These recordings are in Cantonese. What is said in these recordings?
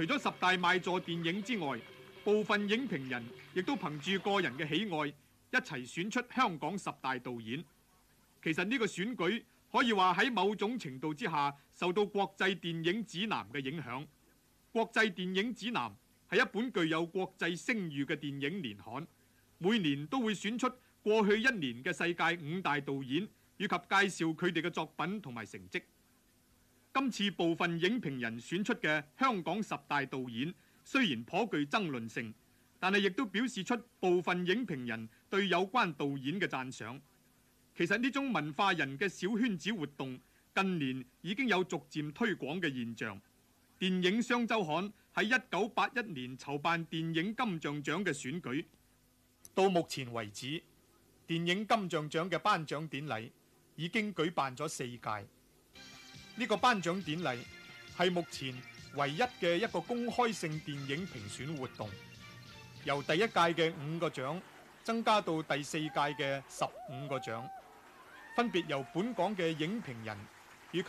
除咗十大賣座電影之外，部分影評人亦都憑住個人嘅喜愛，一齊選出香港十大導演。其實呢個選舉可以話喺某種程度之下受到國際電影指南嘅影響。國際電影指南係一本具有國際聲譽嘅電影年刊，每年都會選出過去一年嘅世界五大導演，以及介紹佢哋嘅作品同埋成績。今次部分影評人選出嘅香港十大導演，雖然頗具爭論性，但係亦都表示出部分影評人對有關導演嘅讚賞。其實呢種文化人嘅小圈子活動，近年已經有逐漸推廣嘅現象。電影雙周刊喺一九八一年籌辦電影金像獎嘅選舉，到目前為止，電影金像獎嘅頒獎典禮已經舉辦咗四屆。呢個頒獎典禮係目前唯一嘅一個公開性電影評選活動，由第一屆嘅五個獎增加到第四屆嘅十五個獎，分別由本港嘅影評人以及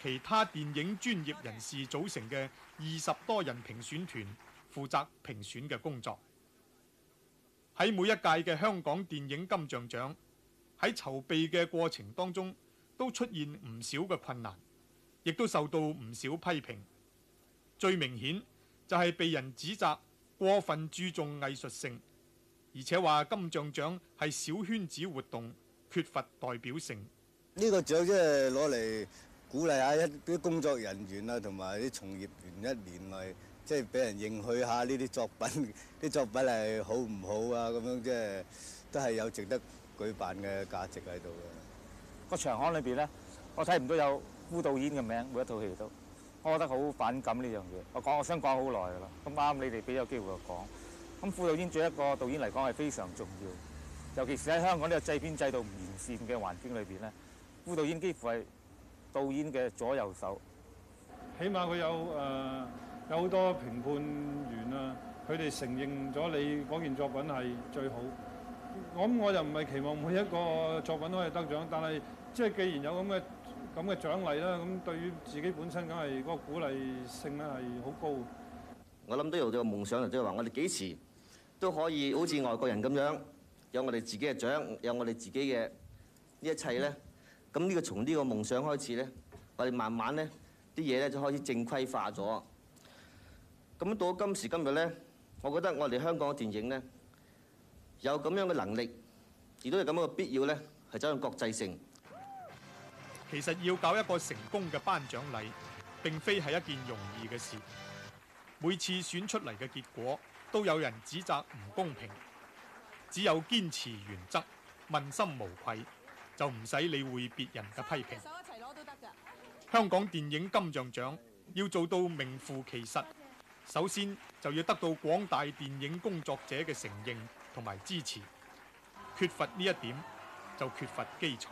其他電影專業人士組成嘅二十多人評選團負責評選嘅工作。喺每一屆嘅香港電影金像獎喺籌備嘅過程當中，都出現唔少嘅困難。亦都受到唔少批評，最明顯就係被人指責過分注重藝術性，而且話金像獎係小圈子活動缺乏代表性。呢個獎即係攞嚟鼓勵一下一啲工作人員啊，同埋啲從業員一年嚟即係俾人認許下呢啲作品，啲作品係好唔好啊？咁樣，即係都係有值得舉辦嘅價值喺度嘅。個場刊裏邊咧，我睇唔到有，副導演嘅名，每一套戲都，我覺得好反感呢樣嘢。我講，我想講好耐噶啦。咁啱，你哋俾有機會我講。咁副導演做一個導演嚟講係非常重要，尤其是喺香港呢個製片制度唔完善嘅環境裏邊咧，副導演幾乎係導演嘅左右手。起碼佢有誒、呃，有好多評判員啊，佢哋承認咗你嗰件作品係最好。我諗我又唔係期望每一個作品都可以得獎，但係即係既然有咁嘅。咁嘅獎勵啦，咁對於自己本身梗係嗰個鼓勵性咧係好高。我諗都有個夢想，就即係話我哋幾時都可以好似外國人咁樣，有我哋自己嘅獎，有我哋自己嘅一切咧。咁呢個從呢個夢想開始咧，我哋慢慢咧啲嘢咧就開始正規化咗。咁到今時今日咧，我覺得我哋香港嘅電影咧有咁樣嘅能力，亦都有咁樣嘅必要咧，係走向國際性。其實要搞一個成功嘅頒獎禮，並非係一件容易嘅事。每次選出嚟嘅結果，都有人指責唔公平。只有堅持原則、問心無愧，就唔使理會別人嘅批評。一齊攞都得噶。香港電影金像獎要做到名副其實，首先就要得到廣大電影工作者嘅承認同埋支持。缺乏呢一點，就缺乏基礎。